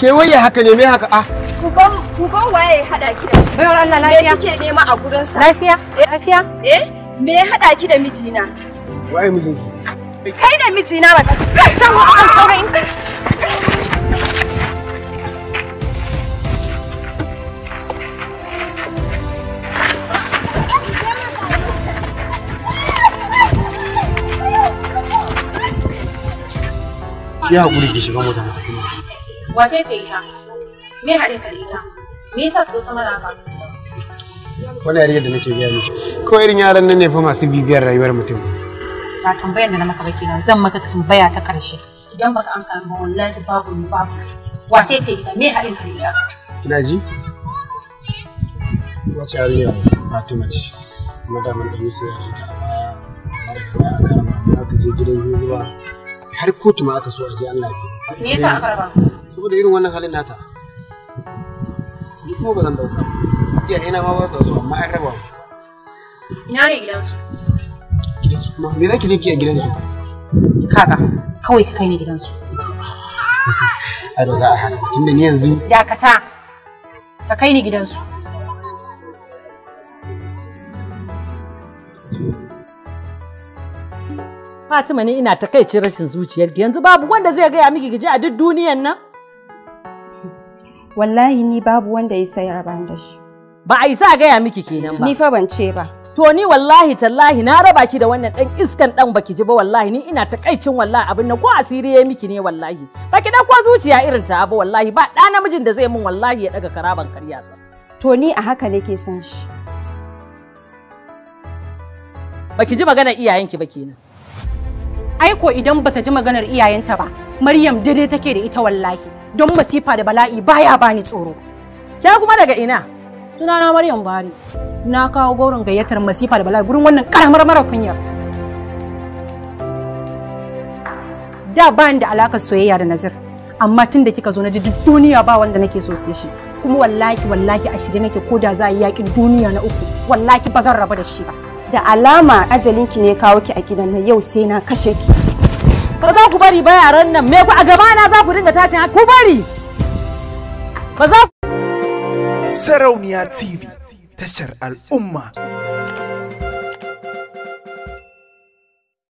ke waye haka ne me haka ah ku ba ku ba waye hada ki da shi ayo Allah lafiya me kike nema a gurin sa lafiya eh. lafiya eh me ya hada ki da mijina waye ki kai ne mijina ba ta zan mu akan saurayin Ya haƙuri ki shiga mota mata. wace ce ita me haɗin ka da ita me yasa su ta mana ka. wani yariyar da nake biya miki ko irin yaran nan ne fa masu bibiyar rayuwar mutum ba tambayar da na maka ba kenan zan maka tambaya ta karshe idan baka amsa ba wallahi babu ni babu wace ce ita me haɗin ka da ita kina ji wace yariyar Fatima ce kuma da mun da ita a baya daga je gidan Hizba har kotu ma aka so a ji an lafi. Me yasa aka raba? Saboda irin wannan halin nata. Ni kuma ba zan dauka. Iyayena ma ba sa so amma an raba mu. Ina ne gidansu? Gidansu kuma me zaki je ki a gidansu? Kaka, kawai ka kai ni gidansu. ba za a haka tunda ni yanzu. Dakata. Ka kai ni gidansu. Fatima ne ina takaici rashin zuciyar yanzu babu wanda zai gaya miki gije a duk duniyan nan. Wallahi ni babu wanda ya sayar raba da shi. Ba a yi sa gaya miki kenan ba. Ni fa ban ce ba. To ni wallahi tallahi na raba ki da wannan dan iskan dan baki ji ba wallahi ni ina takaicin wallahi abin na ko asiri yayi miki ne wallahi. Ba ki ko zuciya irin ta ba wallahi ba dan namijin da zai mun wallahi ya daga karaban karya sa. To ni a haka nake san shi. Baki ji magana iyayenki ba kenan. aiko idan bata ji maganar iyayenta ba maryam daidai take da ita wallahi don masifa da bala'i baya bani tsoro ke kuma daga ina sunana maryam bari na kawo goron gayyatar masifa da bala'i gurin wannan karamar mara kunyar da bani da alakar soyayya da najir amma tun da kika zo na ji duk duniya ba wanda nake so sai shi kuma wallahi wallahi a shirye nake ko da za a yi yakin duniya na uku wallahi ba zan rabu da shi ba da alama ajalinki ne kawo ki a gidan nan yau sai na kashe ki ba za ku bari ba yaran nan me ku a gaba na za ku dinga tashin ku bari ba za ku sarauniya tv tashar al'umma